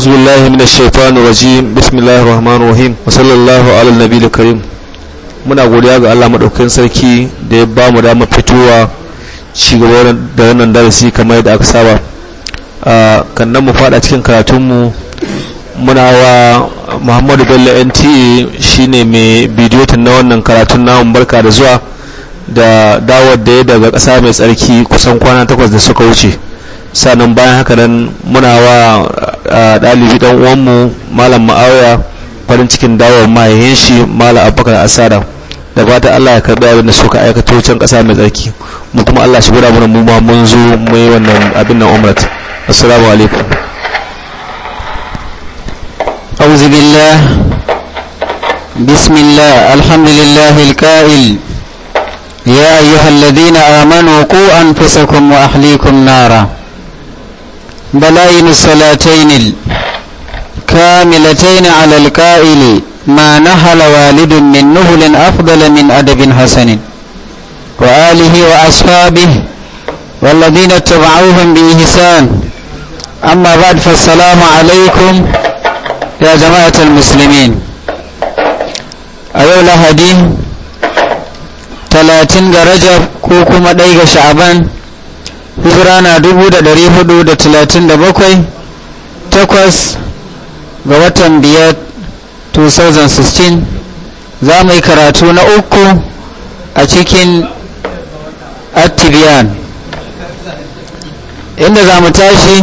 أعوذ بالله من الشيطان الرجيم بسم الله الرحمن الرحيم وصلى الله muna godiya ga Allah madaukakin sarki da ya ba mu damar fitowa ci gaba da wannan darasi kamar da aka saba kan mu fada cikin karatunmu muna wa Muhammadu Bello NTA e shine mai bidiyo na wannan karatun namu barka da zuwa da dawar da daga kasa mai tsarki kusan kwana takwas da suka wuce sannan bayan haka nan muna wa ɗalibi ɗan uwanmu malam ma'auya farin cikin dawowar mahaihin shi malam abubakar asara da ta allah ya karɓi abin da suka aikata can ƙasa mai tsarki mu kuma allah shi gura mana mu ma mun zo mu yi wannan abin nan umrat assalamu alaikum أعوذ بالله بسم الله الحمد لله الكائل يا أيها الذين آمنوا قوا أنفسكم وأهليكم نارا بلاين الصلاتين الكاملتين على القائل ما نهل والد من نهل أفضل من أدب حسن وآله وأصحابه والذين اتبعوهم بإحسان أما بعد فالسلام عليكم يا جماعة المسلمين أيها الهدين 30 رجب كوكو مدايق شعبان hijira na 437 takwas ga watan biyar 2016 za mu yi karatu na uku a cikin attibiyan inda za mu tashi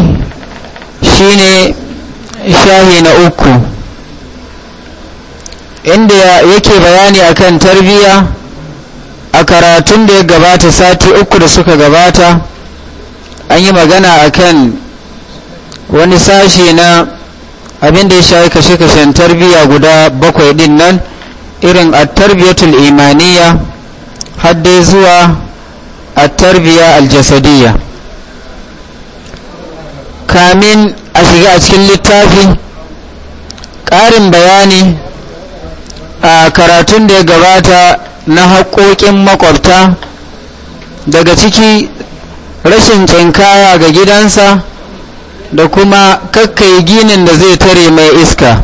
shine shahi na uku inda yake bayani akan tarbiyya a karatun da ya gabata sati uku da suka gabata an yi magana akan wani sashe na abinda ya shayi kashe kashe tarbiyya guda bakwai din nan irin a tarbiyatul imaniya hadde zuwa a tarbiyya aljasadiyya kamin a shiga a cikin littafi ƙarin bayani a karatun da ya gabata na haƙoƙin makwabta daga ciki rashin tsinkaya ga gidansa da kuma kakkai ginin da zai tare mai iska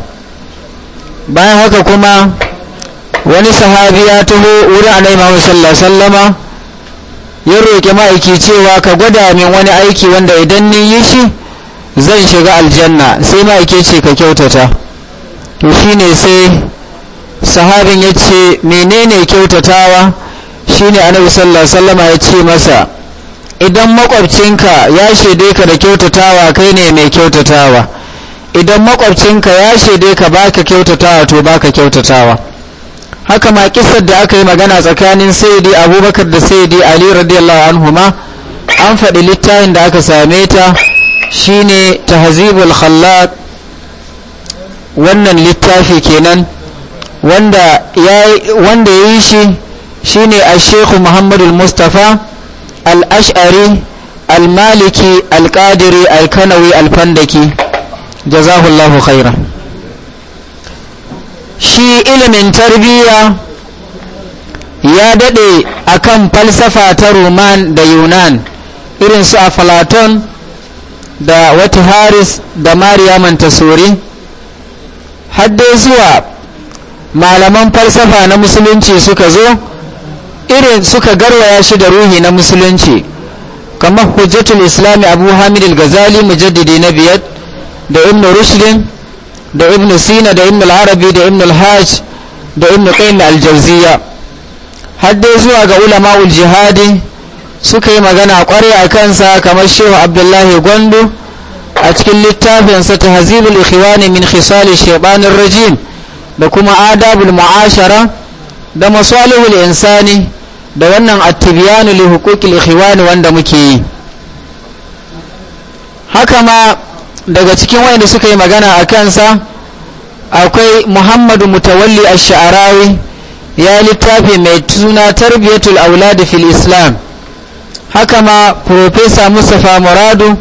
bayan haka kuma wani sahabi ya taho wurin annabi Muhammad sallama ya roƙi ma'aiki cewa ka gwada min wani aiki wanda idan ni yi shi zan shiga aljanna sai ma'aiki ce ka kyautata to shine sai sahabin ya ce menene kyautatawa shine annabi sallallahu sallama ya ce masa idan makwabcinka ya shaide ka da kyautatawa kai ne mai kyautatawa idan makwabcinka ya shaide ka baka kyautatawa to baka kyautatawa haka ma kisar da aka yi magana tsakanin sayyidi abubakar da sayyidi ali radiyallahu anhuma an faɗi littafin da aka same ta shine tahzibul khallat wannan littafi kenan wanda ya yi shi shine a shekhu muhammadul mustafa al'ash'ari al-maliki al-qadiri al-kanawi al-fandaki jazahullahu khaira shi ilimin tarbiyya ya daɗe akan falsafa ta ruman da yunan irin su a platon da wata haris da mariya montessori hadde zuwa malaman falsafa na musulunci suka zo irin suka garwaya shi da ruhi na musulunci kamar hujjatul islami abu hamid al-ghazali mujaddidi na biyar da ibn rushdin da ibn sina da ibn al-arabi da ibn al-hajj da ibn qayyim al-jawziya har dai zuwa ga ulama'ul jihadi suka yi magana kwarai a kansa kamar shehu abdullahi gwandu a cikin littafinsa ta hazibul ikhwani min khisali shebanin rajim da kuma adabul mu'ashara da masalihul insani da wannan attibiyanu li hukukil ikhwani wanda muke yi haka ma daga cikin wayanda suka yi magana a kansa akwai muhammadu mutawalli a sharawi ya littafi mai suna tarbiyatul aulad fil islam haka ma professor mustafa muradu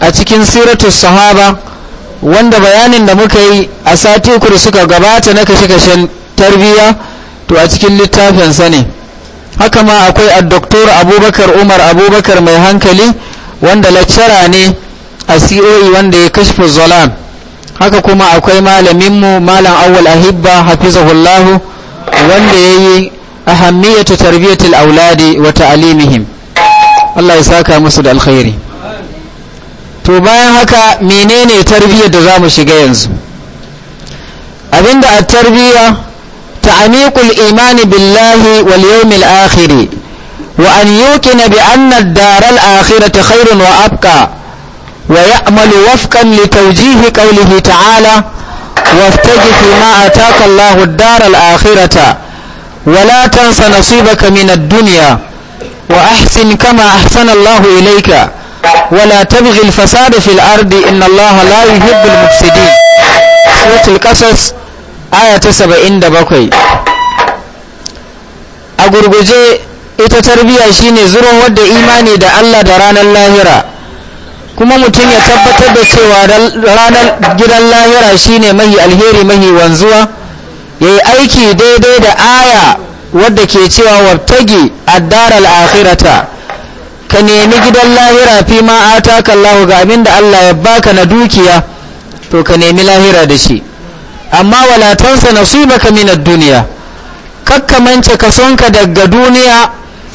a cikin siratul sahaba wanda bayanin da muka yi a sati uku suka gabata na kashe-kashen tarbiyya to a cikin littafinsa ne haka ma akwai doktor abubakar umar abubakar mai hankali wanda laccara ne a coe wanda ya kashfi zolan haka kuma akwai malaminmu malam awal ahibba hafizahullahu wanda ya yi ahammiyatu tarbiyatul auladi wa ta'alimihim Allah ya saka musu da alkhairi to bayan haka menene tarbiyyar da zamu shiga yanzu abinda a tarbiyya تعميق الإيمان بالله واليوم الآخر وأن يوقن بأن الدار الآخرة خير وأبقى ويأمل وفقا لتوجيه قوله تعالى وافتج فيما آتاك الله الدار الآخرة ولا تنس نصيبك من الدنيا وأحسن كما أحسن الله إليك ولا تبغي الفساد في الأرض إن الله لا يحب المفسدين سورة القصص aya ta saba'in da bakwai a gurguje ita tarbiya shine zuron wadda imani da Allah da ranar lahira kuma mutum ya tabbatar da cewa ranar gidan lahira shine mahi alheri mahi wanzuwa ya yi aiki daidai da aya wadda ke cewa wabtagi addaral akhirata ka nemi gidan lahira fi ma'ata ataka Allah ga abin Allah ya baka na dukiya to ka nemi lahira da shi amma wala tansa nasibaka min ad-dunya kakkamance kasonka daga duniya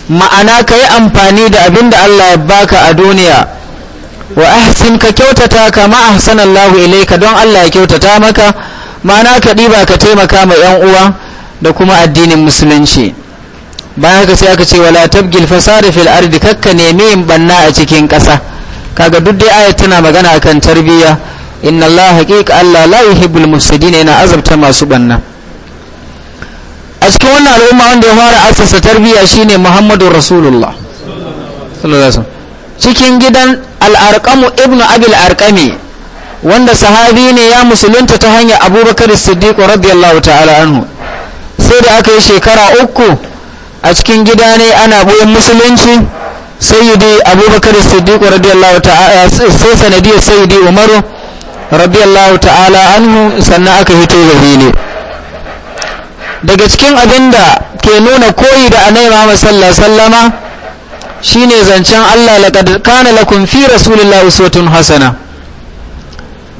ma'ana ka yi amfani da abin da Allah ya baka a duniya wa ahsin ka kyautata kama ahsanallahu ilaika don Allah ya kyautata maka ma'ana ka ɗiba ka taimaka ma yan uwa da kuma addinin musulunci bayan haka sai aka ce wala tabgil fasada fil ardi kakka nemi yin banna a cikin ƙasa kaga duk dai ayat tana magana akan tarbiyya inna Allah haƙiƙa Allah la yuhibbul mufsidina yana azabta masu banna a cikin wannan al'umma wanda ya fara asasa tarbiyya shine Muhammadu Rasulullah cikin gidan al'arƙamu ibn Al-Arqami. wanda sahabi ne ya musulunta ta hanyar abubakar siddiq radiyallahu ta'ala anhu sai da aka yi shekara uku a cikin gida ne ana buyan musulunci sayyidi abubakar siddiq radiyallahu ta'ala sai sanadiyar sayyidi umaru radiyallahu ta'ala anhu sannan aka fito gari ne daga cikin abin da ke nuna koyi da annabi Muhammad sallallahu sallama shine zancen Allah laqad kana lakum fi rasulillahi uswatun hasana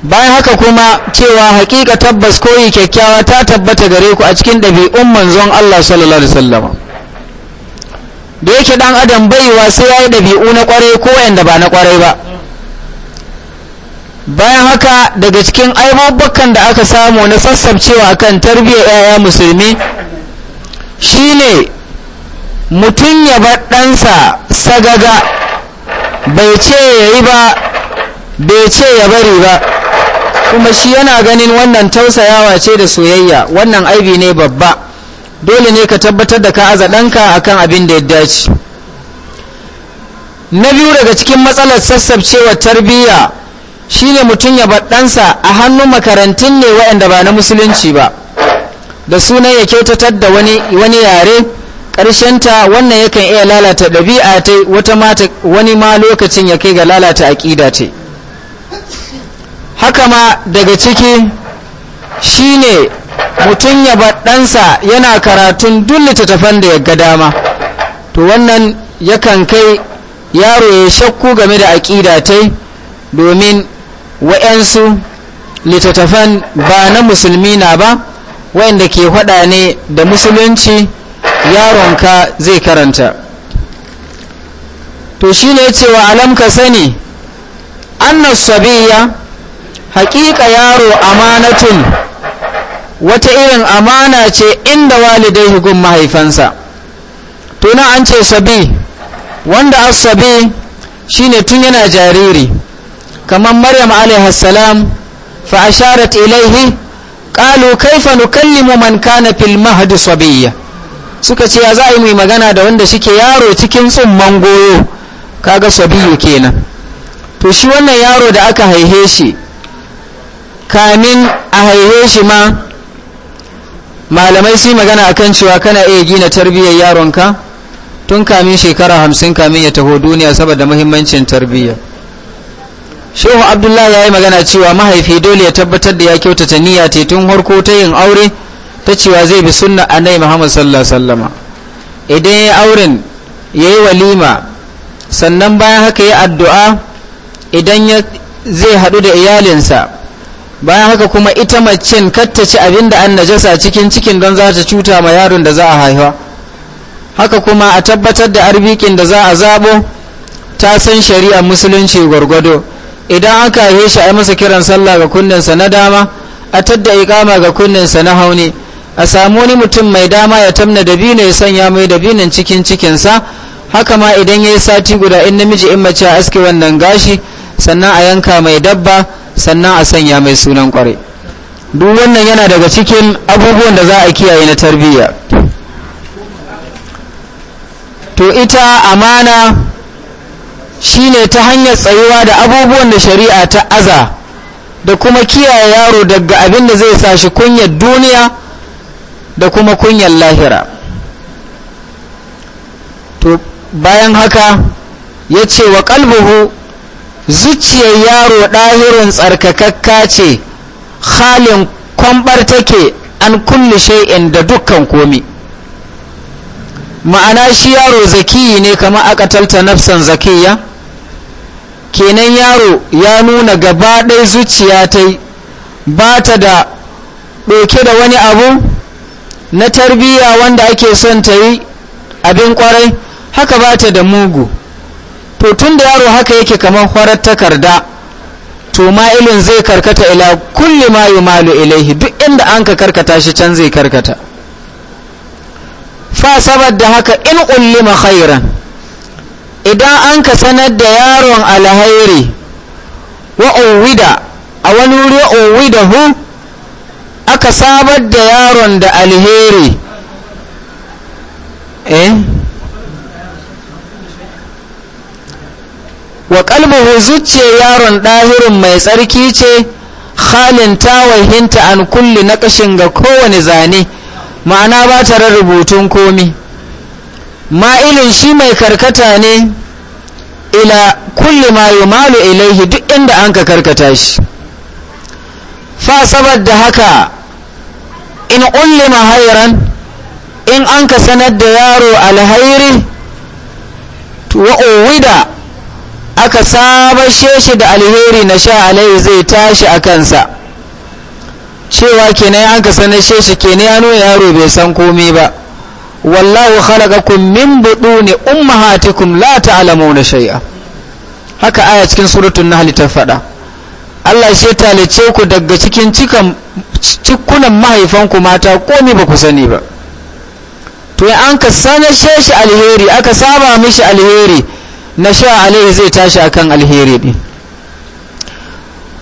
bayan haka kuma cewa hakika tabbas koyi kyakkyawa ta tabbata gare ku a cikin ɗabi'un manzon Allah sallallahu alaihi wasallama da yake dan adam baiwa sai yayi ɗabi'u na kwarai ko wanda ba na kwarai ba bayan haka daga cikin aibobakan da aka samu na sassabcewa kan tarbiyya 'ya'ya musulmi shine mutum ya bar ɗansa sagaga bai ce ya yi ba bai ce ya bari ba kuma shi yana ganin wannan tausayawa ce da soyayya wannan aibi ne babba dole ne ka tabbatar da ka aza ɗanka akan abin da ya dace na biyu daga cikin matsalar sassabcewa tarbiyya shi ne mutum ya baɗansa a hannun makarantun ne waɗanda ba na musulunci ba da sunan ya kyautatar da wani, yare yare ta wannan yakan iya lalata ɗabi'a ta wata mata wani ma lokacin ya kai ga lalata aƙida ta haka ma daga ciki shi ne mutum ya baɗansa yana karatun duk littattafan da ya ga dama to wannan yakan kai yaro ya shakku game da aƙida ta domin wa'yansu littattafan ba na musulmi na ba wa'yanda ke hada ne da musulunci yaronka zai karanta to shi ne cewa alam ka sani annas sabiya haƙiƙa yaro amanatun wata irin amana ce inda walidai hukun mahaifansa tuna an ce sabi wanda asabi shine tun yana jariri kamar maryam alaihassalam fa asharat ilaihi qalu kaifa nukallimu man kana fil mahdi sabiyya suka ce ya za a yi mai magana da wanda shike yaro cikin tsumman goyo kaga sabiyu kenan to shi wannan yaro da aka haihe shi kamin a haihe shi ma malamai su magana akan cewa kana iya gina tarbiyyar yaronka tun kamin shekara hamsin kamin ya taho duniya saboda muhimmancin tarbiyya shehu abdullahi ya yi magana cewa mahaifi dole ya tabbatar da ya kyautata niyya ta tun harko ta yin aure ta cewa zai bi sunna nai muhammad sallallahu sallama idan ya auren ya yi walima sannan bayan haka ya addu'a idan zai haɗu da iyalinsa bayan haka kuma ita macen ci abin da an najasa cikin cikin don za ta cuta ma yaron da za a haihuwa haka kuma a tabbatar da arbikin da za a zabo ta san shari'a musulunci gwargwado idan aka yi shi a masa kiran sallah ga kunninsa na dama a tadda ikama ga kunninsa na hauni a samu wani mutum mai dama ya tamna dabino ya sanya mai biyu cikin cikinsa haka ma idan ya yi sati guda in namiji in mace a aske wannan gashi sannan a yanka mai dabba sannan a sanya mai sunan kwarai duk wannan yana daga cikin abubuwan da za a kiyaye na tarbiyya to ita amana shine ta hanyar tsayuwa da abubuwan da shari'a ta aza da kuma kiyaye yaro daga abin da zai sa shi kunyar duniya da kuma kunyar lahira to bayan haka ya ce wa kalbuhu zuciyar yaro ɗahirin tsarkakakka ce halin kwambar take an kulle shai'in da dukkan komi ma'ana shi yaro zakiyi ne kama aka talta nafsan zakiyya. kenan yaro ya nuna gaba ɗaya zuciya ta yi ba ta da ɗauke da wani abu na tarbiyya wanda ake son ta yi abin kwarai haka ba ta da mugu to tun da yaro haka yake kamar kwarar takarda to ma ilin zai karkata ila kulli ma malu ilaihi duk inda an ka karkata shi can zai karkata fa saboda haka in ullima khairan idan an ka sanar da yaron alhairi wa uwida a wani wuri uwida hu aka sabar da yaron da alheri eh wa kalmuhu zuciya yaron ɗahirin mai tsarki ce halin tawahinta an kulli na ƙashin ga kowane zane ma'ana ba tare rubutun komi ma'ilin shi mai karkata ne ila kulli ma malu ilaihi duk inda an ka karkata shi fa da haka in ullima hairan in an ka sanar da yaro alhairi wa uwida aka sabashe shi da alheri na sha alai zai tashi a kansa cewa kenan an ka sanar shi kenan ya nuna yaro bai san komai ba wallahu khalaqakum min buduni ummahatikum la ta'lamuna shay'a haka aya cikin suratul nahl ta fada Allah shi lice ku daga cikin cikan cikunan mahaifanku mata komai ba ku sani ba to ya an ka sanashe shi alheri aka saba mishi alheri na sha alai zai tashi akan alheri din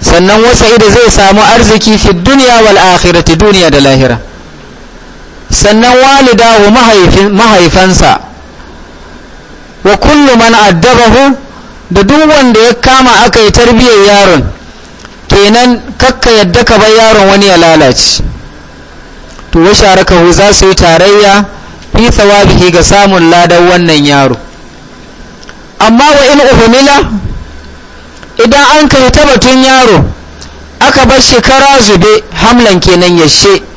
sannan wasa ida zai samu arziki fi dunya wal akhirati duniya da lahira sannan walidahu mahaifansa wa kullu man addabahu da duk wanda ya kama aka yi tarbiyyar yaron kenan kakka yadda ka bar yaron wani ya lalace to wa sharakahu za su yi tarayya fi thawabihi ga samun ladan wannan yaro amma wa in uhmila idan an kai ta batun yaro aka bar shekara zube hamlan kenan ya shi.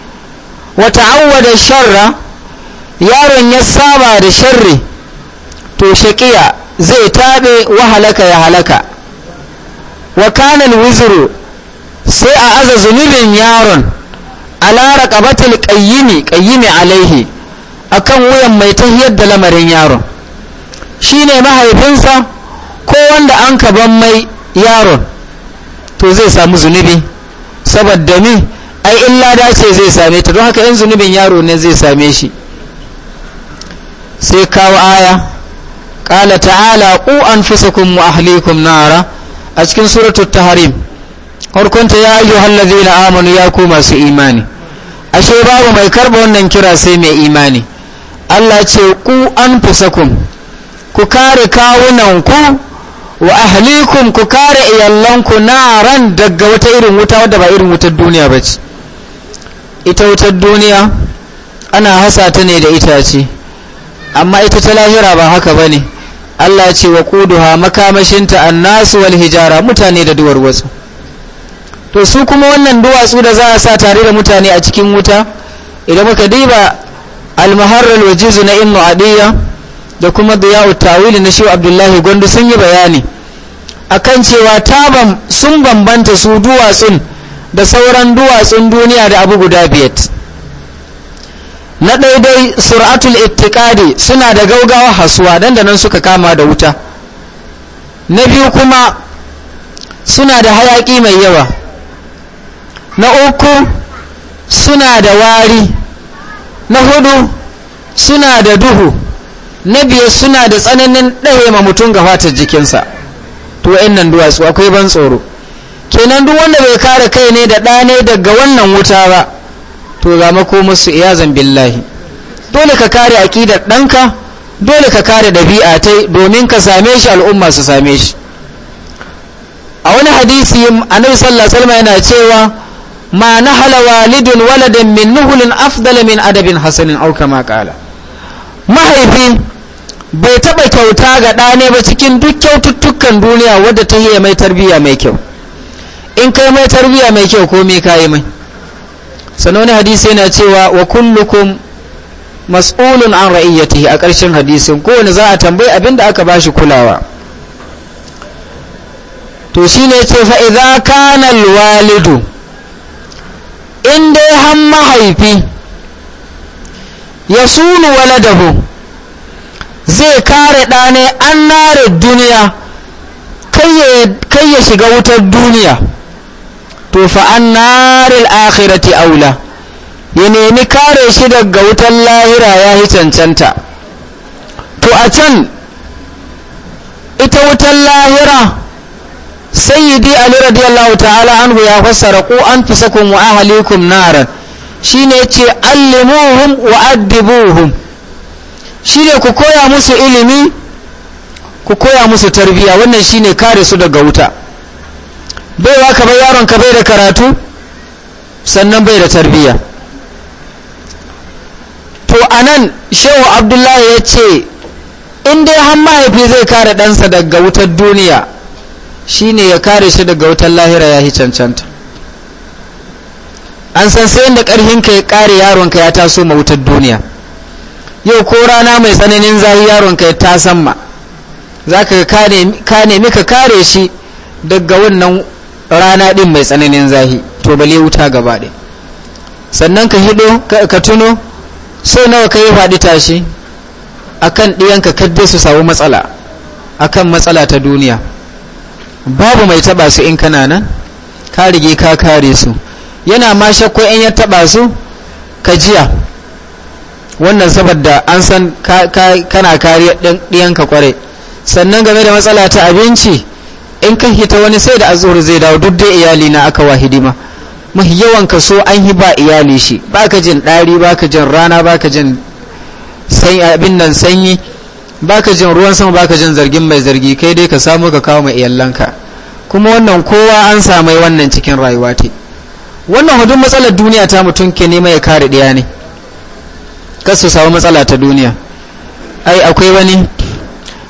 wata awwada sharra yaron ya saba da sharri to shaƙiya zai taɓe wa halaka ya halaka wa kanan wizru sai a aza zunubin yaron a ala raqabatil a qayyimi alaihi kan wuyan mai tahiyar da lamarin yaron shi ne mahaifinsa ko wanda an ka ban mai yaron to zai samu zunubi saboda ni ai in lada ce zai same ta don haka yan zunubin yaro ne zai same shi sai kawo aya ƙala ta'ala ku an fusakun ahlikum nara a cikin suratul taharim harkunta ya yi hallazi amanu ya ku masu imani ashe babu mai karba wannan kira sai mai imani allah ce ku an ku kare kawunanku wa ahlikum ku kare iyalanku naran daga wata irin wuta wadda ba irin wutar duniya ba ita wutar duniya ana hasa ta ne da itace amma ita ta lahira ba haka ba ne allah ce wa kuduha makamashinta nasu wal hijara mutane da duwarwatsu to su kuma wannan duwatsu da za a sa tare da mutane a cikin wuta idan muka diba almaharar wajizu na inu adiyya da kuma yawon tawili na shehu abdullahi gwandu sun yi bayani akan cewa taban sun bambanta su duwatsun da sauran duwatsun duniya da abu guda biyat na daidai sur'atul ittiqadi suna da gaugawa hasuwa dan suka kama da wuta na biyu kuma suna da hayaki mai yawa na uku suna da wari na hudu suna da duhu na biyar suna da tsananin ɗaya ma mutum ga fatar jikinsa to nan duwatsu akwai ban tsoro kenan duk wanda bai kare kai ne da ɗane daga wannan wuta ba to ga makomarsu iyazan billahi dole ka kare aƙidar ɗanka dole ka kare ɗabi'a ta domin ka same shi al'umma su same shi a wani hadisi annabi sallallahu alaihi wasallam yana cewa ma nahala walidun waladan min nuhulin afdala min adabin hasanin au kama qala mahaifi bai taba kyauta ga ɗane ba cikin duk kyaututtukan duniya wadda ta yi mai tarbiyya mai kyau in kai mai tarbiya mai kyau ko me kayi mai sanoni hadisi yana cewa wa kullukum mas'ulun an ra'iyyatihi a ƙarshen hadisin ko wani za a tambayi abinda aka ba shi kulawa to shine ce fa idza kana alwalidu in dai har mahaifi ya sunu waladahu zai kare ɗane an nare duniya kai ya shiga wutar duniya to fa'an naril akhirati aula ya nemi kare shi daga wutan lahira ya yi cancanta to a can ita wutan lahira sayyidi ali radiyallahu ta'ala anhu ya fassara ku an fi sakun wa ahalikun naran shi ne ce allimuhun wa addibuhum shi ne ku koya musu ilimi ku koya musu tarbiya wannan shi ne kare su daga wuta bai wa ka bai yaron ka bai da karatu sannan bai da tarbiyya to anan shehu abdullahi ya ce in dai har mahaifi zai kare ɗansa daga wutar duniya shine ya kare shi daga wutar lahira ya yi cancanta an san sai ƙarfin ka ya yaron yaronka ya taso ma wutar duniya yau ko rana mai tsananin zahi yaronka ya tasan ma za ka nemi ka kare shi daga wannan rana din mai tsananin zahi to bale wuta gaba sannan ka hido ka tuno so nawa ka yi faɗi tashi akan ɗiyanka kadde su samu matsala akan matsala ta duniya babu mai taba su in kana nan ka rige ka kare su yana ma shakko in ya taba su ka jiya wannan saboda an san kana kariya ɗiyanka kwarai sannan game da matsala ta abinci in kan hita wani sai da azur zai dawo duk dai iyali na aka wa hidima mahi yawan so an yi ba iyali shi ba ka jin ɗari ka jin rana ba ka jin abin nan sanyi ba ka jin ruwan sama ba ka jin zargin mai zargi kai dai ka samu ka kawo mai iyalanka kuma wannan kowa an samu wannan cikin rayuwa ta wannan hudun matsalar duniya ta mutum ke nema ya kare ɗaya ne kas su samu matsala ta duniya ai akwai wani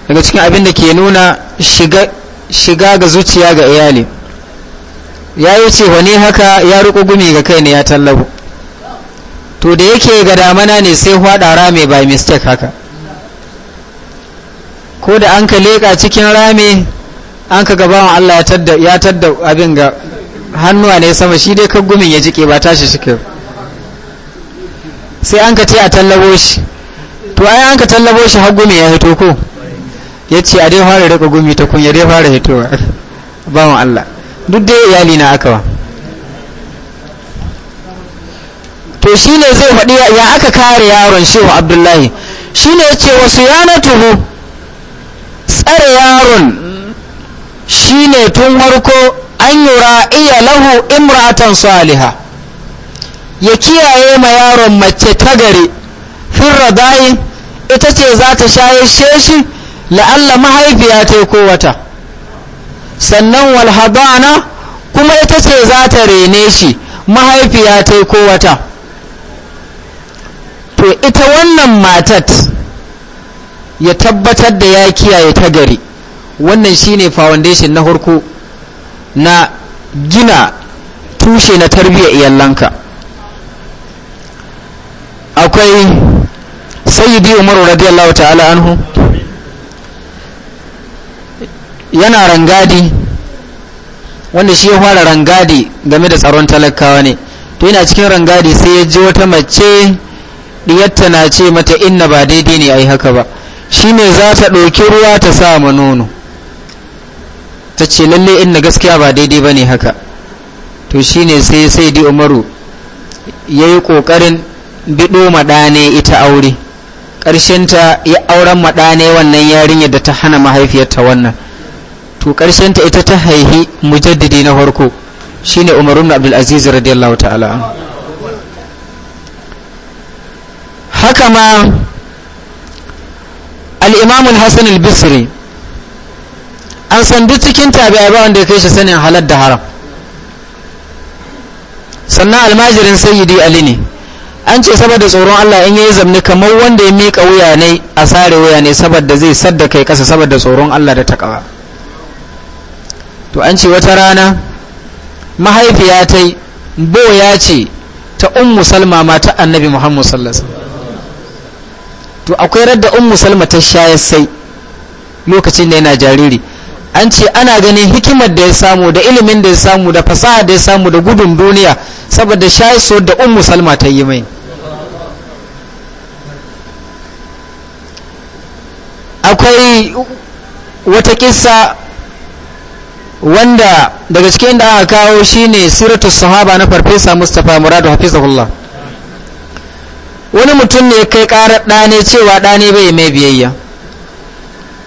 daga cikin abin da ke nuna shiga shiga ga zuciya ga iyali ya yi ce wani haka ya riƙo gumi ga kai ne ya tallabu to da yake ga damana ne sai hwaɗa rame by mistake haka ko da an ka leƙa cikin rame an ka gabawan allah ya tadda abin ga hannuwa ne sama shi dai kan gumin ya jike ba tashi shi sai an ka ce a tallabo shi to ai an ka tallabo shi har gumi ya hito ko ya ce a dai fara rika gumi ta kunya ya dai fara hitowa mu Allah duk dai iyali na aka ba. to shi ne zai faɗi ya aka kare yaron shehu abdullahi shi ne ya ce wasu yana tuhu tsare yaron shi ne tun harko an yura iya lahu imratan saliha ya kiyaye ma yaron mace ta gari firra dayin ita ce za ta shaye sheshi la'alla mahaifiya ta ko wata sannan walhabana kuma ita ce za ta rene shi mahaifiya ta ko wata to ita wannan matat ya tabbatar da ya kiyaye ta gari wannan shine foundation na harko na gina tushe na tarbiyyar iyalanka akwai sayyidi umaru radiyallahu ta'ala anhu yana rangadi wanda shi ya fara rangadi game da tsaron talakawa ne to yana cikin rangadi sai ya ji wata mace diyatta na ce mata inna ba daidai ne a yi haka ba shi ne za ta ɗauki ruwa ta sa ma nono ta ce lalle inna gaskiya ba daidai ba ne haka to shi ne sai sai di umaru ya yi ƙoƙarin biɗo maɗane ita aure ƙarshenta ya auren maɗane wannan yarinyar da ta hana mahaifiyarta wannan to karshen ta ita ta haihi mujaddidi na farko shine Umar ibn Abdul Aziz radiyallahu ta'ala haka ma al-Imam al bisri an san duk cikin tabi'a ba wanda ya kai shi sanin halal da haram sannan almajirin sayyidi ali ne an ce saboda tsoron Allah in yayi zamni kamar wanda ya mika wuya ne a sare wuya ne saboda zai sadda kai kasa saboda tsoron Allah da takawa to an ce wata rana mahaifiya ta yi ya ce ta musalma ma mata annabi muhammadu sallallahu to akwai radda un musalma ta shayar sai lokacin da yana jariri an ce ana ganin hikimar da ya samu da ilimin da ya samu da fasaha da ya samu da gudun duniya saboda shayar so da un musalma ta yi mai akwai wata kisa wanda daga cikin da aka kawo shine siratu sahaba na farfesa mustapha muradu hafizahullah wani mutum ne kai karar ɗane cewa ɗane bai mai biyayya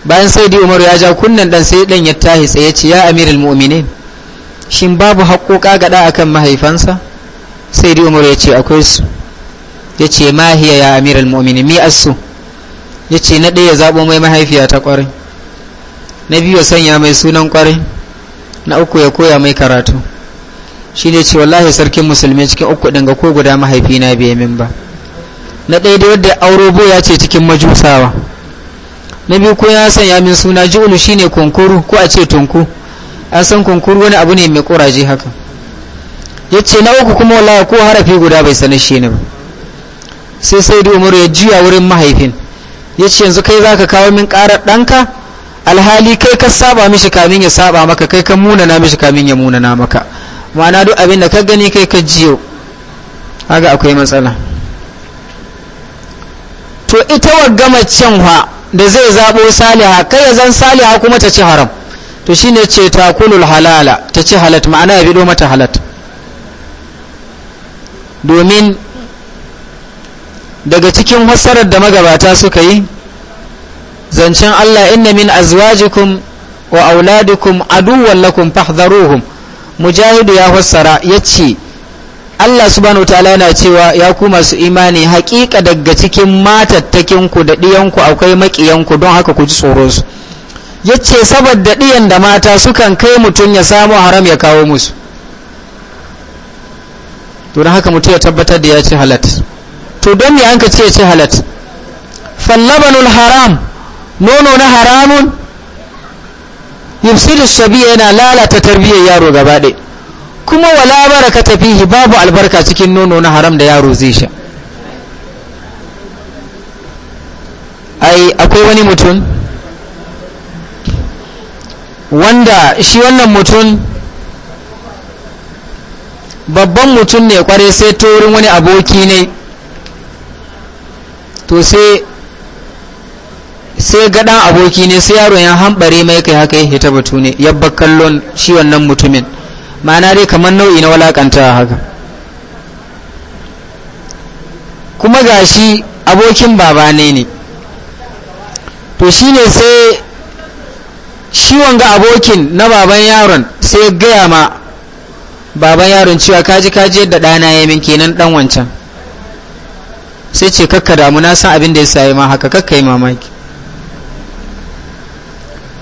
bayan sai di umaru ya ja kunnen dan sai dan ya tahi tsaye ce ya amirul mu'minin shin babu haƙoƙa ga da akan mahaifansa sai di umaru ya ce akwai su ya ce mahiya ya amirul mu'minin mi asu ya ce na ɗaya zaɓo mai mahaifiya ta ƙwarai na biyu sanya mai sunan ƙwarai na uku ya koya mai karatu shi ne ce wallahi sarkin musulmi cikin uku ɗin ga ko guda mahaifina bai min ba na ɗaya da wadda auro boya ce cikin majusawa na biyu ko ya sanya min suna ji'ulu ne kunkuru ko a ce tunku an san kunkuru wani abu ne mai kuraje haka ya ce na uku kuma wallahi ko harafi guda bai sani shi ne ba sai sai da umaru ya juya wurin mahaifin ya ce yanzu kai za ka kawo min ƙarar ɗanka alhali kai ka saba mishi kamin ya saba maka kai ka munana mishi kamin ya munana maka ma'ana duk abin da ka gani kai ka jiyo haga akwai matsala to ita wagga macen fa da zai zabo saliha kai ya zan saliha kuma ta ci haram to shine ce ta kulul halala ta ci halat ma'ana ya bido mata halat domin daga cikin fassarar da magabata suka yi zancen Allah inna min azwajikum wa auladikum aduwwan lakum fahdharuhum mujahidu ya fassara yace Allah subhanahu ta'ala yana cewa ya ku masu imani hakika daga cikin matattakin ku da diyanku akwai makiyan don haka ku ji tsoron su yace saboda diyan da mata sukan kai mutun ya samu haram ya kawo musu to don haka mutum ya tabbatar da ya ci halat to don me an ka ce ya ci halat fallabanul haram nono na haramun yufsidu shabi yana lalata tarbiyyar yaro gaba kuma wala baraka tafihi babu albarka cikin nono na haram da yaro zai sha ai akwai wani mutum wanda shi wannan mutum babban mutum ne kware sai ta wani aboki ne to sai sai gada aboki ne sai yaron ya hambare mai kai haka yake ta batu ne ya kallon shi wannan mutumin ma'ana dai kamar nau'i na walakanta haka kuma gashi abokin baba ne ne to shine sai shi wanga abokin na baban yaron sai ya gaya ma baban yaron cewa kaji kaji yadda ɗana ya min kenan dan wancan sai ce kakka damu na san abin da ya sayi ma haka kakka yi mamaki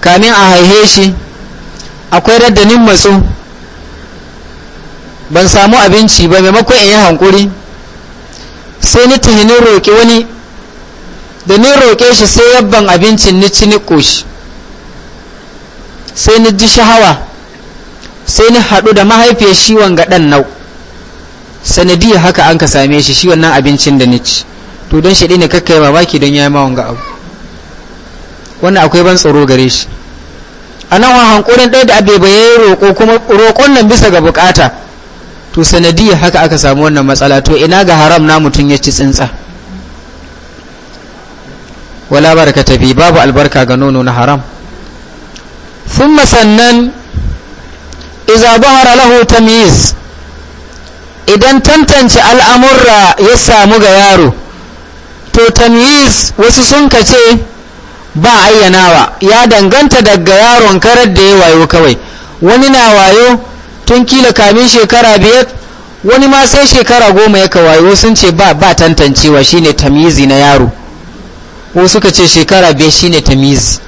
kamin a haihe shi akwai raddanin matsu ban samu abinci ba maimakon in yi hankuri sai ni tuhinin roƙi wani da ni roƙe shi sai yabban abincin ni ci ni ƙoshi sai ni ji shahawa sai ni haɗu da mahaifiyar shi wanga ɗan nau sanadiyar haka an ka same shi shi wannan abincin da ni ci to don shaɗi ne kakkai mamaki don ya yi mawanga abu wannan akwai ban tsoro gare shi a nan wahan hankulin ɗaya da abeba ya yi roƙo kuma roƙon nan bisa ga bukata to sanadiyya haka aka samu wannan matsala to ina ga haram na mutum ya ci tsintsa wala barka tafi babu albarka ga nono na haram sun masannan iza bahara lahu tamyiz idan tantance al'amurra ya samu ga yaro to tamyiz wasu sun kace ba ayyanawa ya danganta daga yaron karar da ya wayo kawai wani na wayo tun kila kamin shekara biyar wani ma sai shekara goma ya wayo sun ce ba ba tantancewa shine tamizi na yaro ko suka ce shekara biyar shine tamizi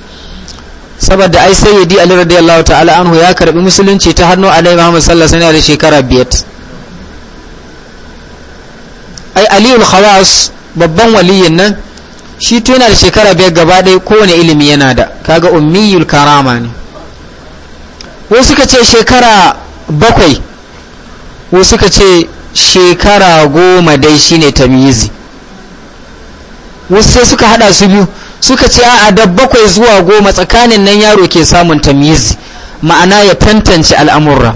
saboda ai sayyidi ali radiyallahu ta'ala anhu ya karbi musulunci ta hannu alai Muhammad sallallahu alaihi wasallam da shekara biyar ai aliyul khawas babban waliyin nan shi tun da shekara biyar gaba ɗaya kowane ilimi yana da kaga ummiyul karama ne wasu suka ce shekara bakwai wasu suka ce shekara goma dai shine tamyizi wasu sai suka hada su biyu suka ce a'a da bakwai zuwa goma tsakanin nan yaro ke samun tamyizi ma'ana ya tantance al'amurra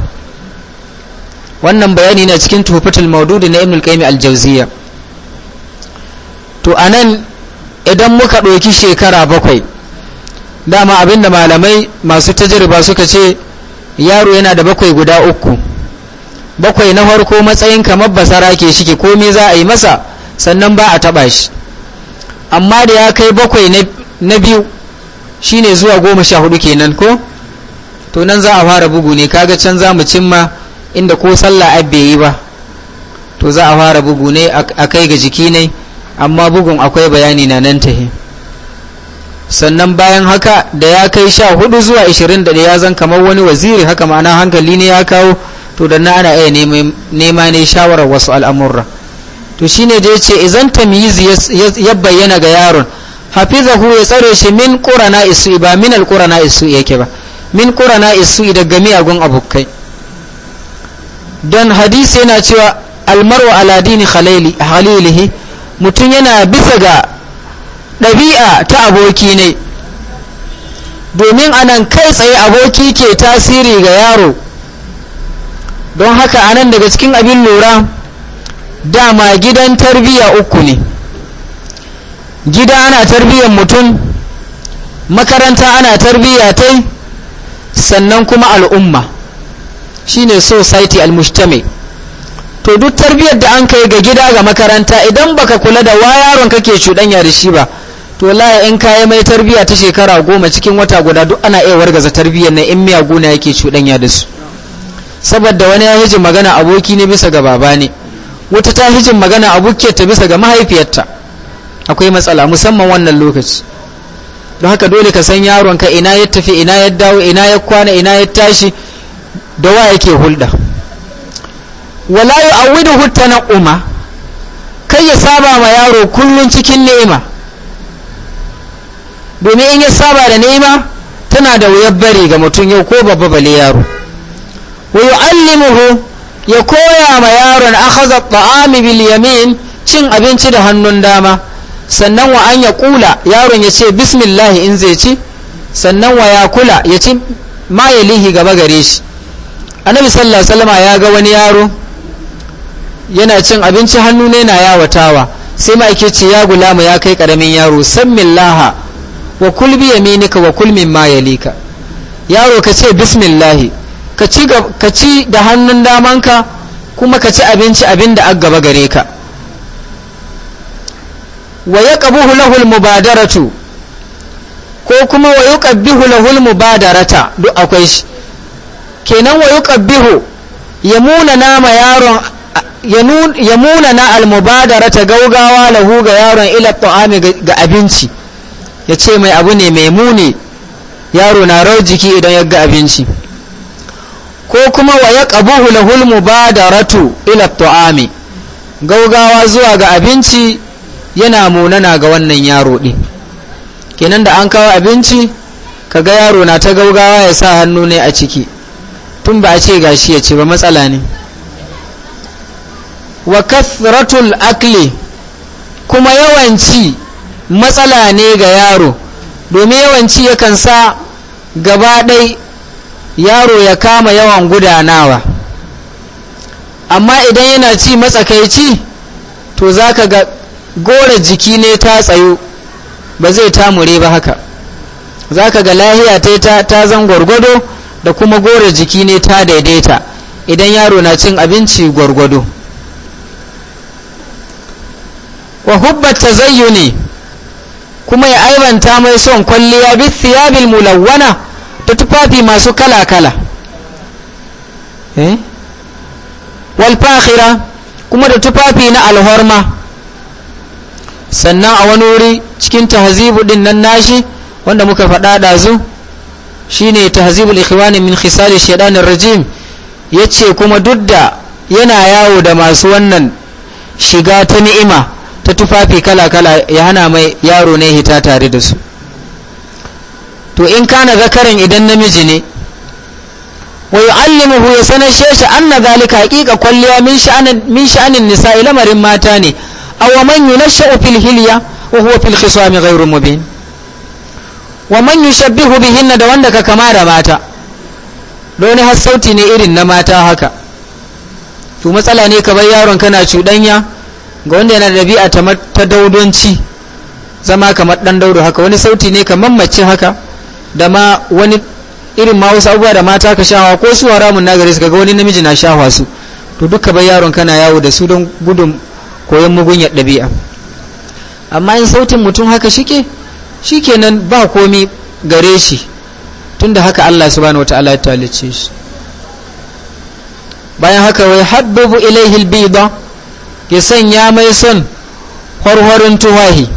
wannan bayani na cikin tuhufatul maududi na ibn al-qayyim al-jawziya to anan idan muka ɗauki shekara bakwai dama abinda malamai masu tajirba suka ce yaro yana da bakwai guda uku bakwai na farko matsayin kamar basara ke shike komai za a yi masa sannan ba a taɓa shi amma da ya kai bakwai na biyu shine zuwa goma sha hudu kenan ko to nan za a fara bugu ne kaga can za mu cimma inda ko sallah abbe yi ba to za a fara bugu ne a kai ga jiki ne amma bugun akwai bayani na nan tahi sannan bayan haka da ya kai sha hudu zuwa ishirin da ya zan kamar wani waziri haka ma'ana hankali ne ya kawo to da na ana iya nema ne shawarar wasu al'amurra to shine da ya ce izan tamizi ya bayyana ga yaron hafizahu ya tsare shi min qurana isu ba min alqurana isu yake ba min qurana isu daga miyagun abokai don hadisi yana cewa almaru al'adini dini mutum yana bisa ga ɗabi'a ta aboki ne domin anan kai tsaye aboki ke tasiri ga yaro don haka anan daga cikin abin lura dama gidan tarbiyya uku ne gida ana tarbiyyar mutum makaranta ana tarbiyya tai sannan kuma al'umma shine society al-mujtami' to duk tarbiyyar da an kai ga gida ga makaranta idan baka kula da wa yaron kake cuɗanya da shi ba to wallahi in kayi mai tarbiyya ta shekara goma cikin wata guda duk ana iya wargaza tarbiyyar na in miyaguna yake cuɗanya da su saboda wani ya hijin magana aboki ne bisa ga baba ne wata ta hijin magana abokiyarta bisa ga mahaifiyarta akwai matsala musamman wannan lokaci don haka dole ka san yaronka ina ya tafi ina ya dawo ina ya kwana ina ya tashi da wa yake hulɗa wala na tanquma kai ya saba ma yaro kullum cikin ne'ima domin in ya saba da nema tana da wuyar bari ga mutum yau ko babba bale yaro wa yu'allimuhu ya koya ma yaron akhadha ta'ami bil yamin cin abinci da hannun dama sannan wa an ya kula yaron ya ce bismillah in zai ci sannan wa ya kula ya ci ma ya lihi gaba gare shi annabi sallallahu alaihi wasallama ya ga wani yaro yana cin abinci hannu ne na yawatawa sai ma'aike ce ya gulama ya kai karamin yaro sammin laha wa kulbi minika wa kulmin ma yalika yaro ka ce bismillahi ka ci da hannun damanka kuma ka ci abinci abin da gaba gare ka wa ya ƙabuhu lahul mubadaratu ko kuma wa yi ƙabbihu lahul mubadarata duk akwai shi kenan wa yi ƙabbihu ya muna nama yaron ya muna na almubadara ta gaugawa lahu ga yaron ila ta'ami ga abinci ya ce mai abu ne mai muni yaro na rau jiki idan ya ga abinci ko kuma wa ya ƙabuhu lahul mubadaratu ila gaugawa zuwa ga abinci yana munana ga wannan yaro ɗin kenan da an kawo abinci kaga yaro na ta gaugawa ya sa hannu ne a ciki tun ba a ce gashi ya ce ba matsala ne wa kathratul akli kuma yawanci matsala ne ga yaro domin yawanci yakan sa gaba yaro ya kama yawan gudanawa amma idan yana ci matsakaici to za ka ga gore jiki ne ta tsayo ba zai tamure ba haka za ka ga lahiya ta ta zan gwargwado da kuma gore jiki ne ta daidaita idan yaro na cin abinci gwargwado wa zayyu ne kuma ya aibanta mai son kwalliya bi thiyabil mulawwana ta tufafi masu kala-kala eh kuma da tufafi na alhorma sannan a wani wuri cikin tahazibu din nan nashi wanda muka faɗa ɗazu shine tahzibul ikhwani min khisali shaitanir rajim yace kuma duk da yana yawo da masu wannan shiga ta ni'ima ta tufafi kala-kala ya hana mai yaro ne hita tare da su to in kana zakarin idan namiji ne wa yu'allimuhu ya sanar shi anna zalika haqiqa kwalliya min sha'anin min sha'anin nisa'i lamarin mata ne aw man yunashsha'u fil hilya wa huwa fil khisami ghayru mubin wa man yushabbihu bihinna da wanda ka kamara da mata doni har sauti ne irin na mata haka to matsala ne ka bar yaron kana cuɗanya ga wanda yana da ɗabi'a ta daudonci zama kamar ɗan daudu haka wani sauti ne kamar mace haka da ma wani irin ma wasu abubuwa da mata ka shawa ko su haramun na gare su kaga wani namiji na shawa su to duka bai yaron kana yawo da su don gudun koyon mugunyar ɗabi'a amma in sautin mutum haka shike shikenan ba komi gare shi tunda haka Allah subhanahu wataala ya talice shi bayan haka wai habbu ilaihi bida ya sanya mai son harharin tuwahi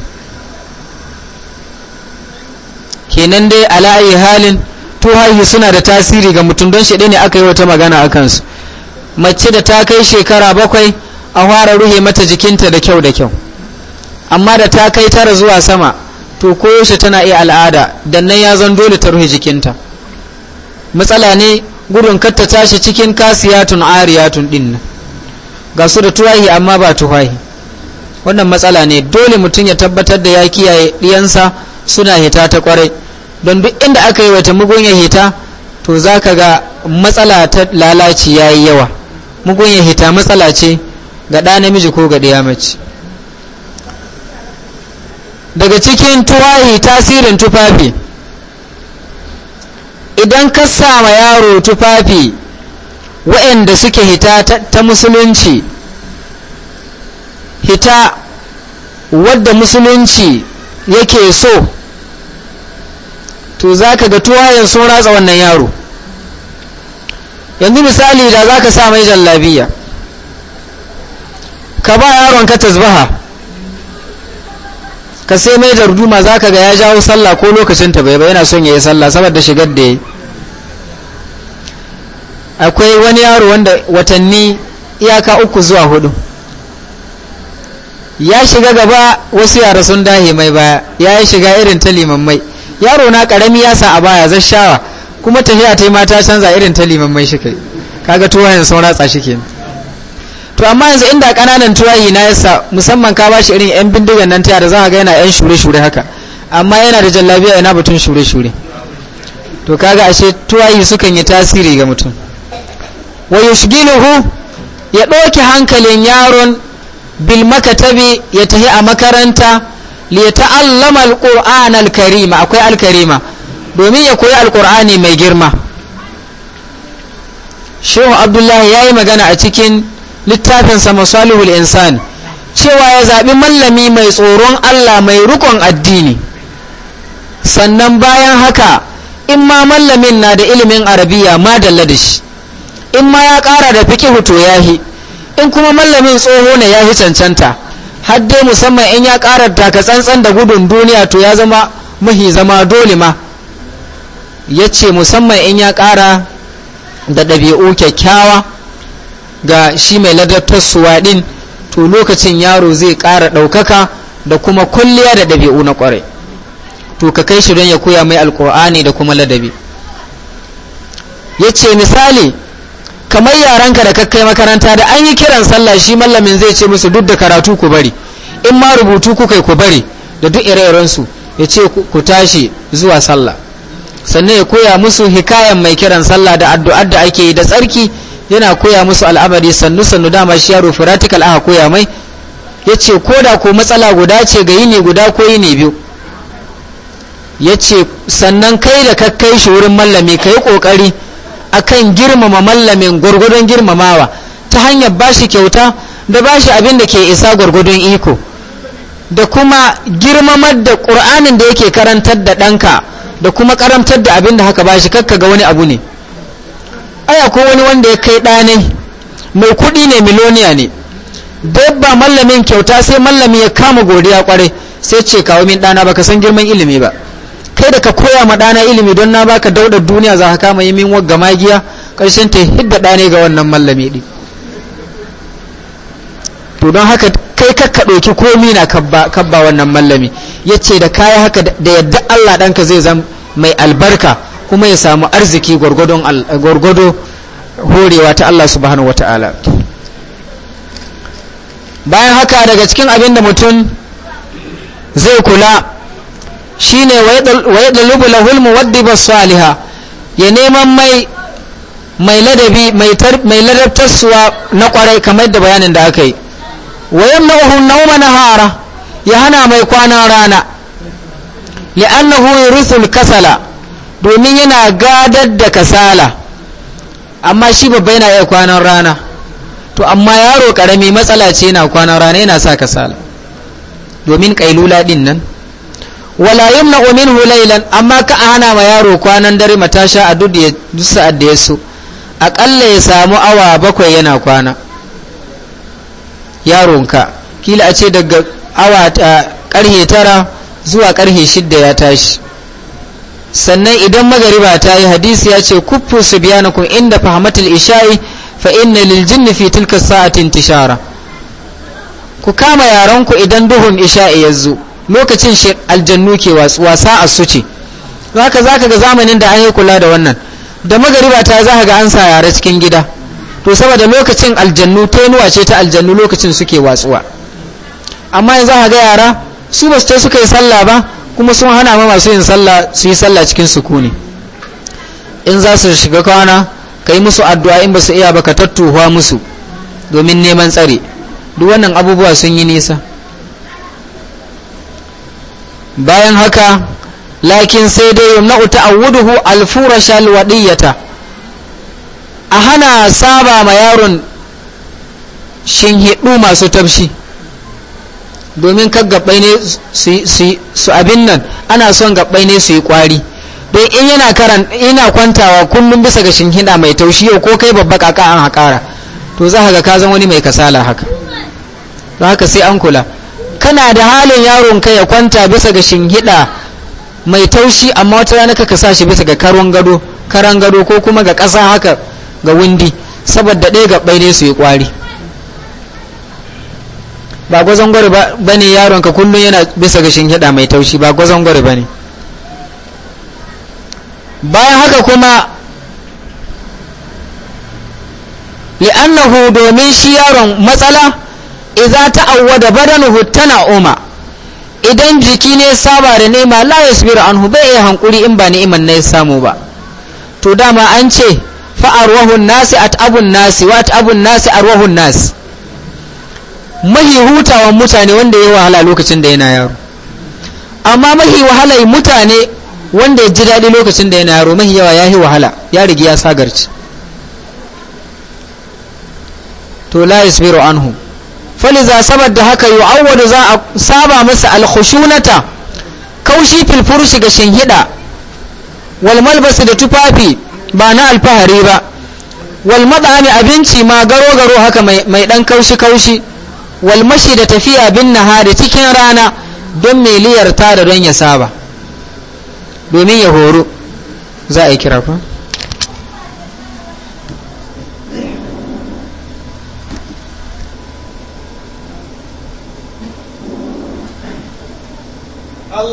kenan dai a ala'ayi halin tuwahi suna da tasiri ga mutum don shaɗe ne aka yi wata magana a kansu mace da ta kai shekara bakwai a fara ruhe mata jikinta da kyau da kyau amma da ta kai tara zuwa sama to koyaushe tana iya al'ada da nan ya zan dole ta ruhe jikinta matsala ne gudun kar ta tashi cikin kasiyatun ariyatun ɗin nan ga su da tuwahi amma ba tuwahi wannan matsala ne dole mutum ya tabbatar da ya kiyaye ɗiyansa suna hita ta kwarai don duk inda aka yi wata mugun hita to za ka ga matsala ta lalaci ya yi yawa mugun ya hita matsala ce ga ɗa namiji ko ga ɗiya mace daga cikin tuwahi tasirin tufafi idan ka sama yaro tufafi waɗanda suke hita ta musulunci hita wadda musulunci yake so to za ka ga tuwayen sun ratsa wannan yaro yanzu misali da za ka sa mai jallabiya ka ba yaron ka tasbaha ka sai mai darduma za ka ga ya jawo sallah ko lokacinta ta bai yana son ya yi sallah saboda shigar da ya yi akwai wani yaro wanda watanni iyaka uku zuwa hudu ya shiga gaba wasu yara sun dahe mai baya ya yi shiga irin ta mai yaro na karami ya sa a baya zashawa kuma tafiya ta yi mata canza irin ta mai shi kai kaga tuwayen sun ratsa shi to amma yanzu inda kananan tuwayi na yasa musamman ka bashi irin yan bindigan nan ta da za ga yana yan shure-shure haka amma yana da jallabiya yana batun shure-shure to kaga ashe tuwayi sukan yi tasiri ga mutum wa yushgiluhu ya ɗauki hankalin yaron bil makatabi ya tafi a makaranta li ta'allama al alkarima akwai alkarima domin ya koyi alqur'ani mai girma shehu abdullahi ya yi magana a cikin littafinsa masalihul insan cewa ya zaɓi mallami mai tsoron allah mai rukon addini sannan bayan haka in ma mallamin na da ilimin arabiya ma da shi in ma ya ƙara da fiƙihu to ya yi in kuma mallamin tsoho ne yi cancanta har dai musamman in ya ƙara taka tsantsan da gudun duniya to ya zama muhi zama dole ma ya ce musamman in ya ƙara da ɗabi'u kyakkyawa ga shi mai ladattar suwaɗin to lokacin yaro zai ƙara ɗaukaka da kuma kulliya da ɗabi'u na ƙwarai to ka kai shi don ya koya mai alƙur'ani da kuma ladabi ya ce misali kamar yaranka da ka kai makaranta da an yi kiran sallah shi mallamin zai ce musu duk da karatu ku bari in ma rubutu kuka ku bari da duk ire-irensu ya ce ku tashi zuwa sallah sannan ya koya musu hikayen mai kiran sallah da addu'ar da ake yi da tsarki yana koya musu al'amari sannu sannu dama shi yaro firatikal aka koya mai ya ce ko da ko matsala guda ce ga yi ne guda ko yi ne biyu ya ce sannan kai da kakkai shi wurin mallami ka yi ƙoƙari akan girmama mallamin gwargwadon girmamawa ta hanyar bashi kyauta da bashi abin da ke isa gwargwadon iko da kuma girmamar da ƙur'anin da yake karantar da ɗanka da kuma karantar da abin da haka bashi kakka ga wani abu ne aya ko wani wanda ya kai ɗane mai kuɗi ne miloniya ne dabba mallamin kyauta sai mallami ya kama godiya kwarai sai ce kawo min ɗana baka san girman ilimi ba kai da ka koya ma ɗana ilimi don na baka daudar duniya za ka kama yi min wagga magiya ƙarshen ta hidda ɗane ga wannan mallami ɗin to don haka kai kakka ɗauki komi na kabba wannan mallami ya ce da kaya haka da yadda allah ɗanka zai zama mai albarka kuma ya samu arziki gwargwado horewa ta allah subhanahu wata'ala bayan haka daga cikin abin da mutum zai kula shine wa ya dalubu lahul ba saliha ya neman mai mai ladabi mai ladabtarsuwa na kwarai kamar da bayanin da aka yi wa yamna'uhu nauma hara ya hana mai kwana rana li'annahu rusul kasala domin yana gadar da kasala amma shi babba yana iya kwanan rana to amma yaro karami matsala ce yana kwanan rana yana sa kasala domin kailula din nan wala yumna'u minhu laylan amma ka a hana ma yaro kwanan dare matasha a duk sa'ad da ya so aƙalla ya samu awa bakwai yana kwana yaronka kila a ce daga awa ta ƙarhe tara zuwa ƙarhe shidda ya tashi sannan idan magariba ta yi hadisi ya ce kuffu su biya na kun inda fahimtar isha'i fa inna liljinni fi tilka sa'atin tishara ku kama yarenku idan duhun isha'i ya zo lokacin aljannu ke watsuwa sa'a su ce haka za ka ga zamanin da an yi kula da wannan da magariba ta za ga an sa yare cikin gida to saboda lokacin aljannu tenuwa ce ta aljannu lokacin suke watsuwa amma yin za ga yara su ba su ce suka yi sallah ba kuma sun hana ma masu yin sallah su yi sallah cikin sukuni in za su shiga kwana ka yi musu addu'a in ba su iya ba ka tattuwa musu domin neman tsare duk wannan abubuwa sun yi nisa bayan haka lakin sai dai yamna'u ta'awuduhu al-furasha al-wadiyata a hana saba ma yaron shinhidu masu tafshi domin ka gabbai ne su abin nan ana son gabbai ne su yi kwari don in yana karan ina kwantawa kullum bisa ga shinhida mai taushi ko kai babba kaka an haƙara to za ka ga ka zan wani mai kasala haka don haka sai an kula kana da halin yaronka ya kwanta bisa ga shingida mai taushi amma wata rana ka sa shi bisa ga karon gado karan gado ko kuma ga ƙasa haka ga windi saboda ɗaya gaɓɓai ne su yi ƙwari ba gwazon gwari ba ne yaronka kullum yana bisa ga shingida mai taushi ba gwazon gwari ba ne bayan haka kuma li'annahu domin shi yaron matsala iza ta'awwada badanuhu tana'uma idan jiki ne saba da nema la yasbiru anhu bai yi hankuri in ba ni'iman ne samu ba to dama an ce fa arwahun nasi at abun nasi wa at abun nasi arwahun nasi mahi hutawan mutane wanda ya wahala lokacin da yana yaro amma mahi wahala mutane wanda ya ji daɗi lokacin da yana yaro mahi yawa ya yi wahala ya rigi ya sagarci to la yasbiru anhu faliza da haka yu'awwadu za a saba masa alkhushunata kaushi filfurshi ga shinhida wal malbasu da tufafi ba na alfahari ba wal madami abinci ma garo garo haka mai dan kaushi kaushi walmashi da tafiya bin hari cikin rana don mai liyar don ya saba domin ya horo za a yi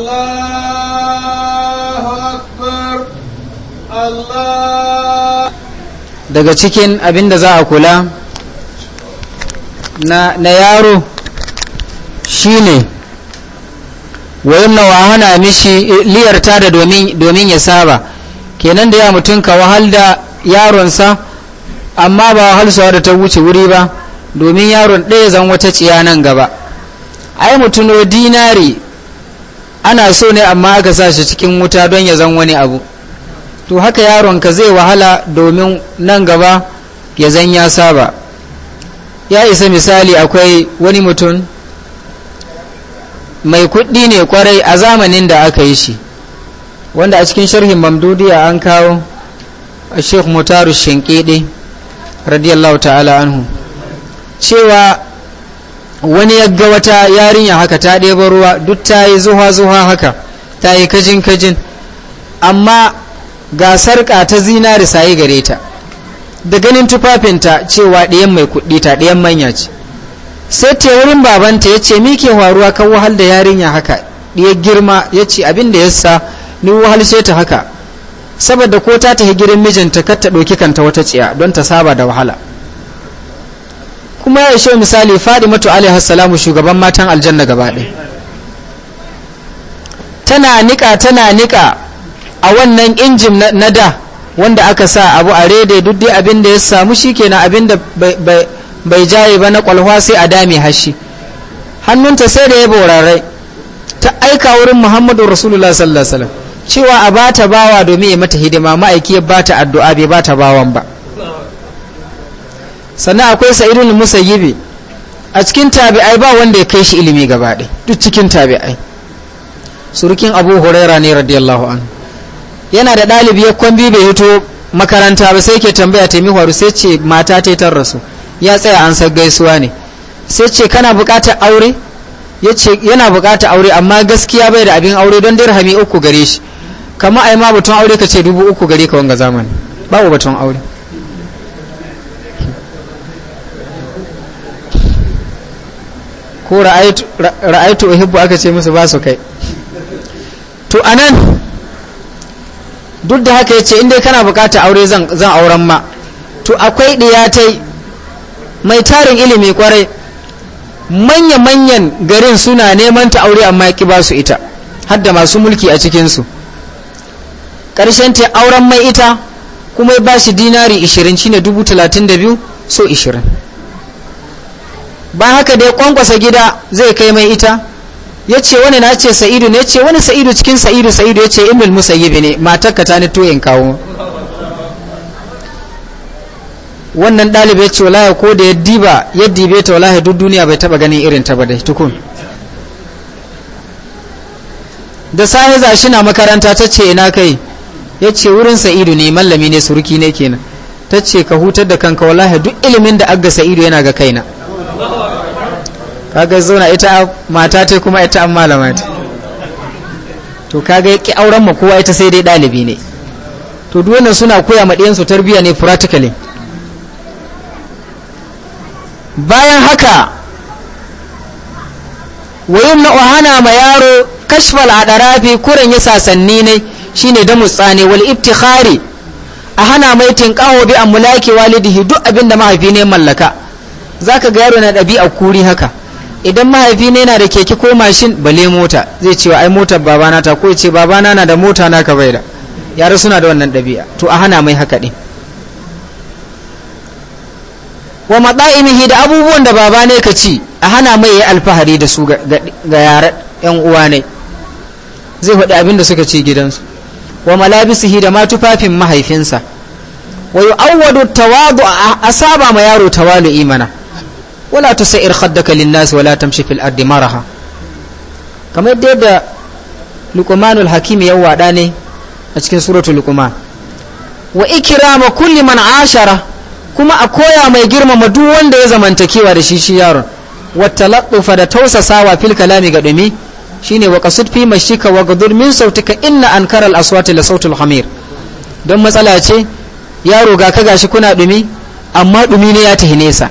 الله أكبر الله daga cikin abin da za a kula na yaro shine ne wa hana mishi liyarta da domin ya saba kenan da ya mutum ka wahal da yaronsa amma ba wahalsawa da ta wuce wuri ba domin yaron ɗaya zan wata ciya nan gaba ai mutum dinari ana so ne amma aka sa shi cikin wuta don ya zan wani abu to haka yaronka zai wahala domin nan gaba ya zan ya saba ya isa misali akwai wani mutum mai kuɗi ne kwarai a zamanin da aka yi shi wanda a cikin sharhin mamdudiya an kawo a sheikh mutaru shinkede radiyallahu ta'ala anhu cewa wani ya ga wata yarinya haka ta ɗeba ruwa duk ta yi zuwa zuha haka ta yi kajin-kajin amma ga sarƙa ta zinari sayi gare ta da ganin tufafinta cewa ɗayan mai kuɗi ta ɗayan manya ce sai ta wurin babanta ya ce mike waruwa kan wahal da yarinya haka ya girma ya ce abin da sa ni wahal sai ta haka saboda ko ta tafi girin mijinta kar ta ɗauki kanta wata tsiya don ta saba da wahala kuma ya ishe misali fadimatu alaihi salamu shugaban matan aljanna gaba ɗaya tana nika tana nika a wannan injin na da wanda aka sa abu a rede duk dai abin da ya samu shi shikenan abin da bai jaye ba na kwalwa sai a dame hashi hannunta sai da ya borarai ta aika wurin muhammadu rasulullah sallallahu alaihi cewa a bata bawa domin ya mata hidima ma'aiki ya bata addu'a bai bata bawan ba sannan akwai sa'idun musayyibi a cikin tabi'ai ba wanda ya kai shi ilimi gaba ɗai duk cikin tabi'ai surukin abu huraira ne radiyallahu anhu yana da ɗalibi ya kwambi bai hito makaranta ba sai ke tambaya taimi faru sai ce mata ta tar rasu ya tsaya an san gaisuwa ne sai ce kana buƙatar aure ya ce yana buƙatar aure amma gaskiya bai da abin aure don dirhami uku gare shi kama ai ma batun aure ka ce dubu uku gare ka wanga zamani babu batun aure ko ra'aitu uhibbu aka ce musu ba su kai to anan duk da haka ya yace indai kana bukata aure zan zan auren ma to akwai diyatai mai tarin ilimi kwarai manya manyan garin suna neman ta aure amma ki ba su ita hadda masu mulki a cikin su karshen ta auren mai ita kuma ba shi dinari 20 ne 32 so 20 ba haka dai kwankwasa gida zai kai mai ita ya ce wani na ce sa'idu ne ce wani sa'idu cikin sa'idu sa'idu ya ce imil musa yi ne matakka ta ni toyin kawo wannan dalibai ya ce wala ko da ya diba ya dibe ta wallahi duk duniya bai taba ganin irin ta ba dai tukun da sai za shi na makaranta ta ce ina kai ya ce wurin sa'idu ne mallami ne suruki ne kenan ta ce ka hutar da kanka wallahi duk ilimin da agga sa'idu yana ga kaina kaga zauna ita mata ta kuma ita an malama ta to kaga ki auren ma kowa ita sai dai ɗalibi ne to duk suna koya ma ɗiyansu tarbiyya ne practically bayan haka wayin na hana ma yaro kashfal adarafi kuren ya sasanni ne shine da mutsane wal ibtikhari a hana mai tinkaho bi amulaki walidihi duk abin da mahaifi ne mallaka za ka ga yaro na ɗabi'a kuri haka idan mahaifi ne na da keke ko mashin bale mota zai cewa ai motar babana ta ko ce babana na da mota na ka baida yara suna da wannan ɗabi'a to a hana mai haka ɗin wa matsa'imihi da abubuwan da baba ne ka ci a hana mai ya alfahari da su ga yara yan uwa ne zai faɗi abin da suka ci gidansu wa malabisihi da ma tufafin mahaifinsa wa yu'awwadu tawadu a saba ma yaro tawalu'i mana wala tusair khaddaka linnas wala tamshi fil ardi maraha kamar yadda luqmanul hakim ya wada ne a cikin suratul luqman wa ikrama kulli man ashara kuma a koya mai girmama duk wanda ya zamantakewa da shi shi yaron wa talaffa da tausasawa fil kalami ga dumi shine wa qasid fi mashika wa gadur min sautika inna ankara al aswati la sautul hamir don matsala ce yaro ga ka gashi kuna dumi amma dumi ne ya tahi nesa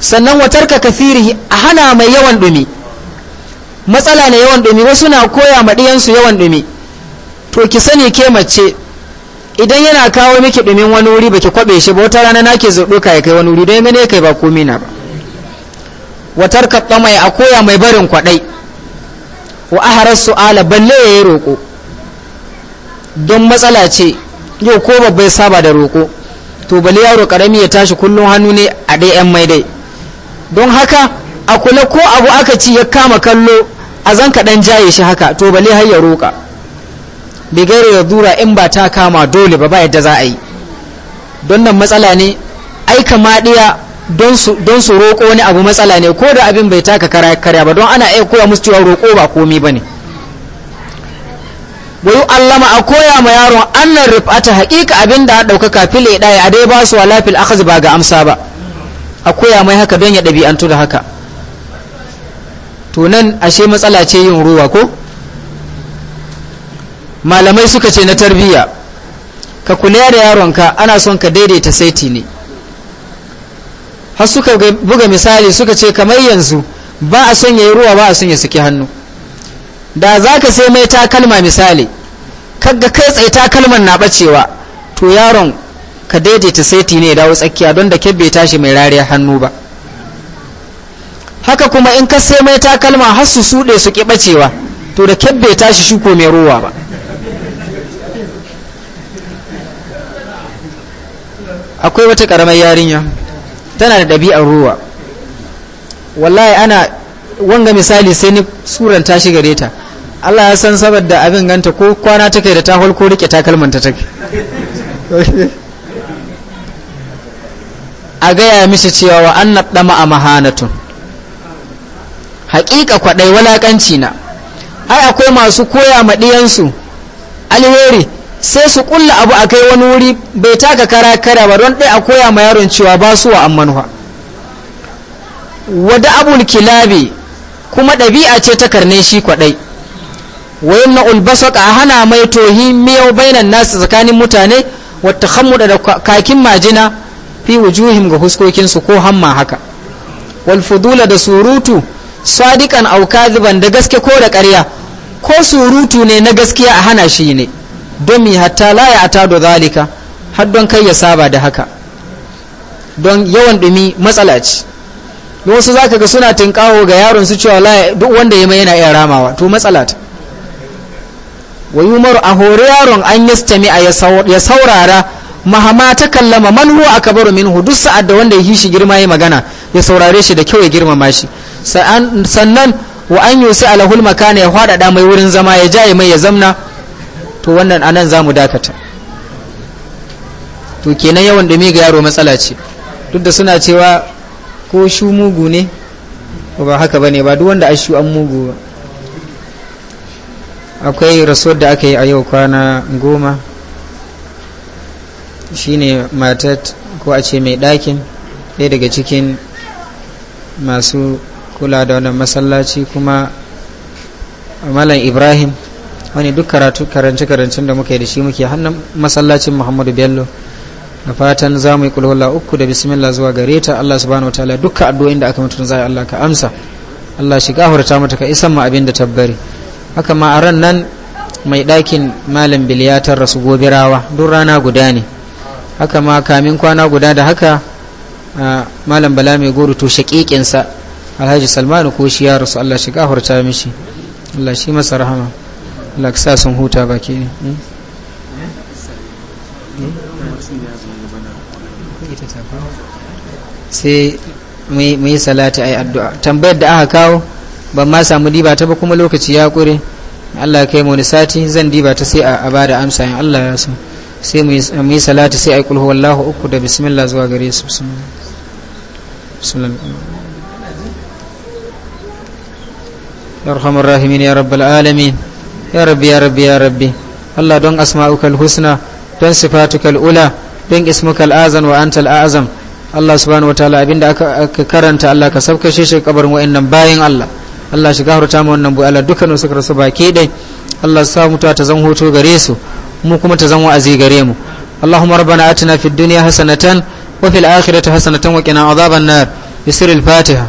sannan watar ka kathiri a hana mai yawan ɗumi matsala ne yawan dumi wasu na koya ma ɗiyansu yawan ɗumi to ki sani ke mace idan yana kawo miki ɗumin wani wuri baki kwabe shi ba wata rana nake zuɗo ka ya kai wani wuri don gane kai ba komi na ba watar kaɓa mai a koya mai barin kwaɗai wa aharar su'ala balle ya yi roƙo don matsala ce yau ko babbai saba da roƙo to bale yaro ƙarami ya tashi kullum hannu ne a ɗaya yan maidai don haka a kula ko abu aka ci ya kama kallo a zan kaɗan jaye shi haka to bale har ya roƙa bigare ya dura in ba ta kama dole ba ba yadda za a yi don nan matsala ne aika maɗiya don su roƙo wani abu matsala ne ko da abin bai taka karya ba don ana iya koya musu cewa roƙo ba komi ba ne allama a koya ma yaron annan rifata haƙiƙa abin da ɗaukaka file ɗaya a dai ba su wala fil akazi ba ga amsa ba a koya mai haka don ya ɗabi'antu da haka to nan ashe matsala ce yin ruwa ko malamai suka ce na tarbiyya ka kula da yaronka ana son ka daidaita saiti ne har suka buga misali suka ce kamar yanzu ba a son ya yi ruwa ba a son ya suke hannu da za ka sai mai takalma misali kaga kai tsaye takalman na bacewa to yaron ka daidaita saiti ne dawo tsakiya don da kebbe tashi mai rariya hannu ba haka kuma in ka sai mai takalma har su suɗe su kibacewa to da kebbe tashi shuko mai ruwa ba akwai wata ƙaramar yarinya tana da ɗabi'ar ruwa wallahi ana wanga misali sai ni tsuran tashi gare ta Allah ya san saboda abin ganta ko kwana take da ta holko rike takalmanta take a gaya mishi cewa wa an naɗama a mahanatun haƙiƙa kwaɗai walaƙanci na ai akwai masu koya maɗiyansu alheri sai su ƙulla abu a kai wani wuri bai taka kara kara ba don ɗaya a koya ma yaron cewa ba su wa ammanuwa wada abul kilabi kuma ɗabi'a ce ta karne shi kwaɗai wayan na ulbasa ulbasaka hana mai tohi miyau bainan nasu tsakanin mutane wata da kakin majina fi wujuhim ga huskokinsu ko hamma haka wal fudula da surutu sadikan aw kadiban da gaske ko da ƙarya ko surutu ne na gaskiya a hana shi ne mi hatta la ya ata da zalika har don kai ya saba da haka don yawan dumi matsala ce don wasu zaka ga suna tinkawo ga yaron su cewa duk wanda ya mai yana iya ramawa to matsala ta wa yumaru a hori yaron an yastami a ya saurara mahama ta kallama man huwa akbaru minhu duk sa'ad da wanda ya shi girma ya magana ya saurare shi da kyau ya girmama shi sannan wa an yusi alahul makana ya faɗaɗa mai wurin zama ya jaye mai ya zamna to wannan anan zamu dakata to kenan yawan dumi ga yaro matsala ce duk da suna cewa ko shu mugu ne ba haka bane ba duk wanda ashu an mugu akwai rasuwar da aka yi a yau kwana goma Shi ne matat ko a ce mai ɗakin ɗaya daga cikin masu kula da wannan masallaci kuma malam ibrahim wani duk karatu karance karancen da muka yi da shi muke hannun masallacin muhammadu bello da fatan za mu yi kulhula uku da bismillah zuwa gare ta allah subhanahu wataala duka addu'o'in da aka mutu za a allah ka amsa allah shi gafarta mata ka isan ma abin da tabbari haka ma a ran nan mai ɗakin malam biliyatar rasu gobirawa duk rana guda ne haka ma kamin kwana guda da haka malam bala mai goro to shaƙiƙinsa alhaji salmanu ko shi ya rasu allah shi gafarta mishi allah shi masa rahama allah ka sa sun huta baki ne hmm? sai mu yi salati a yi addu'a tambayar da aka kawo ban ma samu diba ta ba kuma lokaci ya ƙure allah ya kai mu wani sati zan diba ta sai a ba da amsa yin allah ya so sai mu yi salati sai a yi kulhu wallahu uku da bismillah zuwa gare su yarhamar rahimin ya rabbal alamin ya rabbi ya rabbi ya rabbi Allah don asma'ukal husna don sifatukal ula don ismukal azan wa antal azam Allah subhanahu wataala abinda aka karanta Allah ka sabkashe shi kabarin wa'annan bayan Allah Allah shiga hurta mu wannan bu Allah dukkanin su karsu baki dai Allah sa mutuwa ta zan hoto gare su mu kuma ta zama wa'azi gare mu Allahumma rabbana atina fid dunya hasanatan wa fil akhirati hasanatan wa qina adhaban nar bisiril fatiha